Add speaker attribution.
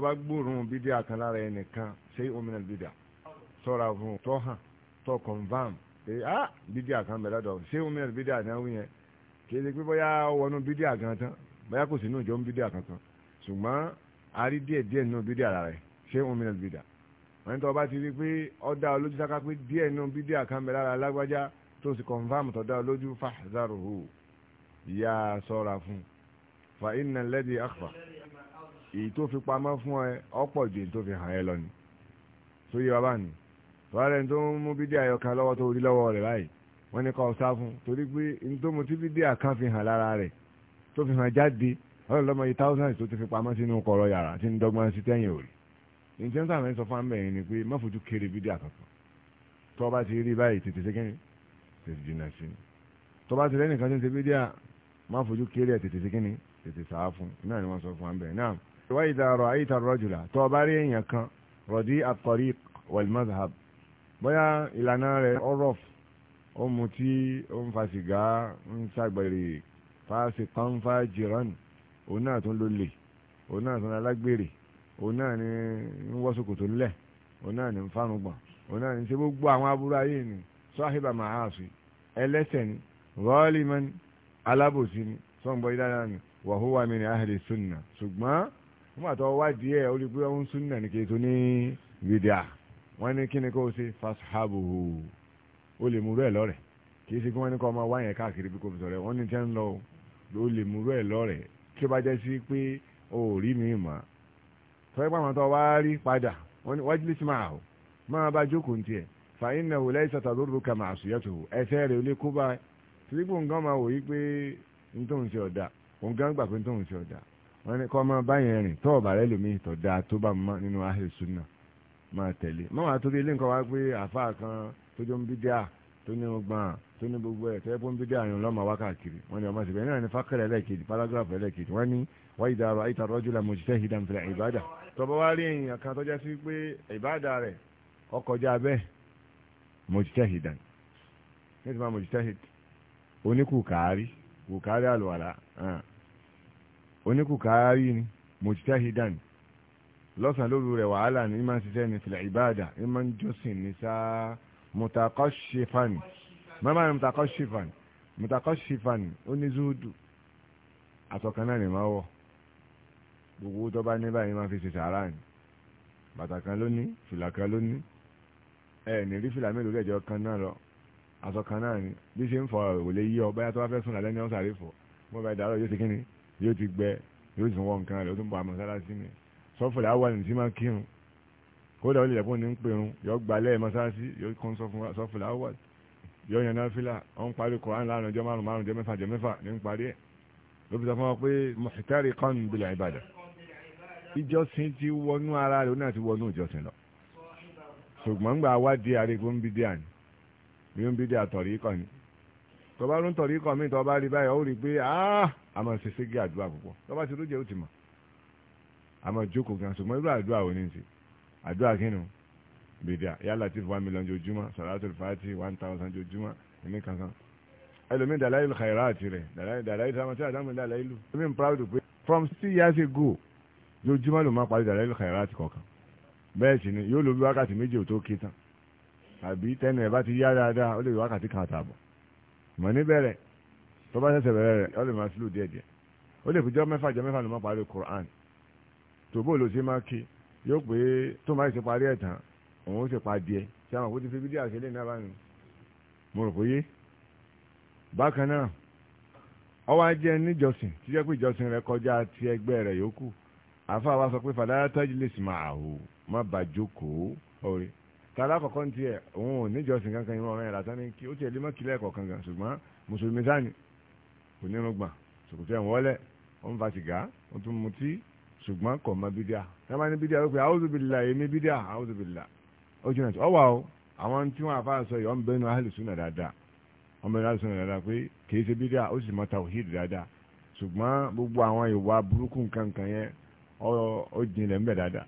Speaker 1: tó bá gbóòórùn bídíà kan lára ẹnìkan ṣé omi náà bídíà sọ́ra fún tó hàn tó confam pé ah bídíà kan bẹ̀rẹ̀ dọ̀ ṣé omi náà bídíà náà wíyẹn kì í ṣe pé bóyá wọnú bídíà kan tán bóyá kò sí inú ìjọ ń bídíà kankan ṣùgbọ́n a rí díẹ̀ díẹ̀ nínú bídíà lára rẹ̀ ṣé omi náà bídíà wọ́n ní tó bá ti rí pé ọ̀dà olójú pé díẹ̀ nínú bídíà kan bẹ̀rẹ̀ lára lágbájá tó sì confam tó fa inna alladhi akhfa èyí tó fi pamọ́ fún ẹ ọ̀pọ̀ ju èyí tó fi hàn ẹ lọ ni tó yẹ wá báyìí tọ́lẹ̀ tó ń mú bídí àyọkà lọ́wọ́ tó rí lọ́wọ́ rẹ̀ báyìí wọ́n ní kọ́ ọ sá fún torí pé ní tó mu tí bídí àkàn fi hàn lára rẹ̀ tó fi hàn jáde ọlọ́run lọ́mọ yìí thousands tó ti fi pamọ́ sínú kọ̀rọ̀ yàrá tí ń dọ́gbọ́n sí tẹ́yìn òrì ǹjẹ́ nígbà tètè sàá fún náà ni wọ́n sọ fún wa bẹ́ẹ̀ náà. wa idha ra'ayta ar-rajula tó o bá rí èèyàn kan radi at-tariq wal-madhhab bóyá ìlànà rẹ̀ ọ̀rọ̀ ó mu tí ó ń fa sìgá ń ṣàgbèrè fáṣe kan fa jìrán òun náà tún ló lè òun náà tún alágbèrè òun náà ni ń wọ́sọ̀kòtò ńlẹ̀ òun náà ni ń fárùngbọ̀n òun náà ni ṣe gbogbo àwọn aburú ayé ni sọ́hìbà màá àṣì ẹlẹ́sẹ̀ ni rọ́ọ̀lì mẹ́ni alábòsí ni sọ́ǹgbọ́ ìdára ni wa huwa min ahli sunna ṣùgbọ́n wọ́n bá tọ́ wádìí ẹ̀ ó ọ̀hún sunna ní kí n ní wọ́n ní kí ni o ṣe fasahabuhu o lè mú rẹ̀ lọ́rẹ̀ kì í ṣe kí wọ́n ní kó káàkiri bí kò fi sọ̀rọ̀ wọ́n ní tẹ́ ń lọ ó lè mú rẹ̀ lọ́rẹ̀ tí ó bá jẹ́ sí mi mọ́ wá rí padà wájú máa máa bá jókòó ní tiẹ̀ wò lẹ́yìn lóru máa sùn ẹsẹ̀ rẹ̀ ó lè kó bá nǹkan máa wò òun gán gbà pé tóun ti ọ̀dà wọ́n ní kọ́ máa báyẹn rìn tọ́ ọ̀bà rẹ lómi tọ̀dà tó bá mọ́ nínú ahẹ́ sunna máa tẹ̀lé mọ́ wàá torí ilé nǹkan wá pé àáfàá kan tó jọ ń bí díà tó ní ọgbọ́n tó ní gbogbo ẹ̀ tẹ́ fún bí díà yẹn lọ́mọ wákàkiri wọ́n ní ọmọ síbẹ̀ náà ní fákẹ́rẹ́ ẹlẹ́kejì pálágráfù ẹlẹ́kejì wọ́n ní wáyé dàrọ rọ́jú la mọ̀jítẹ́ hidan fìlà ìbádà oníkùkárí ni mujtahidan lọ́sàn lóru rẹ̀ wàhálà ní máa ń ṣiṣẹ́ ní fìlà ìbáàdà ní máa ń jọ́sìn ní sáà mutakọ́ṣifan mọ́mọ́ ni mutakọ́ṣifan mutakọ́ṣifan ó ní zúdù àtọ̀kan náà ni máa wọ̀ gbogbo tó bá ní báyìí máa fi ṣe sàárà ni bàtà kan lóní fìlà kan lóní ẹ ní rí fìlà mélòó lẹ́jọ́ kan náà lọ àtọ̀kan náà ni bí ṣe ń fọ òwòlé yí ọ báyà tó bá fẹ́ sùn lálẹ́ ní ọ̀sàrí yóò ti gbẹ yóò sì wọ nǹkan rẹ̀ ó tún bọ̀ àmọ́sálásí mi sọ́fọ̀lì àwọn ẹni tí máa kírun kódà ó lè jẹ́pọ̀ ní ń pèrun yóò gba lẹ́ẹ̀ mọ́sálásí yóò kún sọ́fọ̀lì àwọn yóò yan náfìlà ó ń parí Kùránì láàrin ọjọ́ márùn márùn jẹ́ mẹ́fà jẹ́ mẹ́fà ní ń parí ẹ̀ ló fi sọ fún wa pé mọ̀sítárì kan bil ìbàdàn ìjọsìn ti wọnú ara rẹ̀ ó náà ti wọnú ìjọsìn lọ ṣùgbọ́n gbà wá di àríkú ń bí díà ni bí ń bí díà tọ̀rí a máa ṣe ségi àdúrà púpọ̀ lọ́ba ti lóúnjẹ ó ti mọ̀ a máa jókòó gan ṣùgbọ́n irú àdúrà ò ní ti àdúrà kí bìdà yálà tí one million jojúmọ́ sàlátùl fàtì one thousand jojúmọ́ ẹ̀mí kankan ẹlòmíì dàláyé lu kàìrà àti rẹ̀ dàláyé sàmọ́ tí àdámù dàláyé lu ẹ̀mí n proud pé from three years ago jojúmọ́ ló máa parí dàláyé lu kàìrà àti kọ̀ọ̀kan bẹ́ẹ̀ sì ni yóò lo bí wákàtí méjì ò tó ké tán àbí tẹ́nu ẹ̀ bá ti yá dáadáa ó lè wákàtí kan àtààbọ̀ mọ̀ níbẹ̀rẹ̀ tó bá ṣẹ̀ṣẹ̀ bẹ̀rẹ̀ rẹ̀ ó lè máa slow díẹ̀ díẹ̀ ó lè fi jọ́ mẹ́fà jọ́ mẹ́fà ló máa parí Quran tó bó ló ṣe máa ké yóò pé tó máa ṣe parí ẹ̀ tán òun ó ṣe pa díẹ̀ ṣé àwọn àkótí fi fídíò àṣẹ lẹ́yìn náà bá nù mo rò péye bákan náà ọwọ́ ajẹ́ níjọsìn tí jẹ́ pé ìjọsìn rẹ̀ kọjá ti ẹgbẹ́ rẹ̀ yòókù àfa wa sọ pé fàdáyà tájì lè sì máa hù má bà jókòó ọ̀rẹ́ tààlà kọ̀ọ̀kan tiẹ̀ òun ò níjọsìn kankan ìmọ̀ ọ̀rẹ́ rà tán ní kí ó tiẹ̀ lé mọ́kìlẹ̀ kọ̀ọ̀kan gan ṣùgbọ́n mùsùlùmí sáà ni kò ní irùngbọ̀n ṣòkòtò ẹ̀ wọ́lẹ̀ ó ń fa sìgá ó tún mutí ṣùgbọ́n kò mọ bídíà ẹ máa ní bídíà ó pe a'udhu billahi èmi bídíà a'udhu billahi ó jìnnà tó ọwà o àwọn tí wọ́n àfa sọ yìí ọ̀n bẹ́nu ahlu sunna dáadáa ọ̀n bẹ́nu ahlu dáadáa pé kìí ṣe bídíà ó sì mọ tawhid dáadáa ṣùgbọ́n gbogbo àwọn ìwà burúkú nǹkan kan yẹn ó jinlẹ̀ ń bẹ dáadáa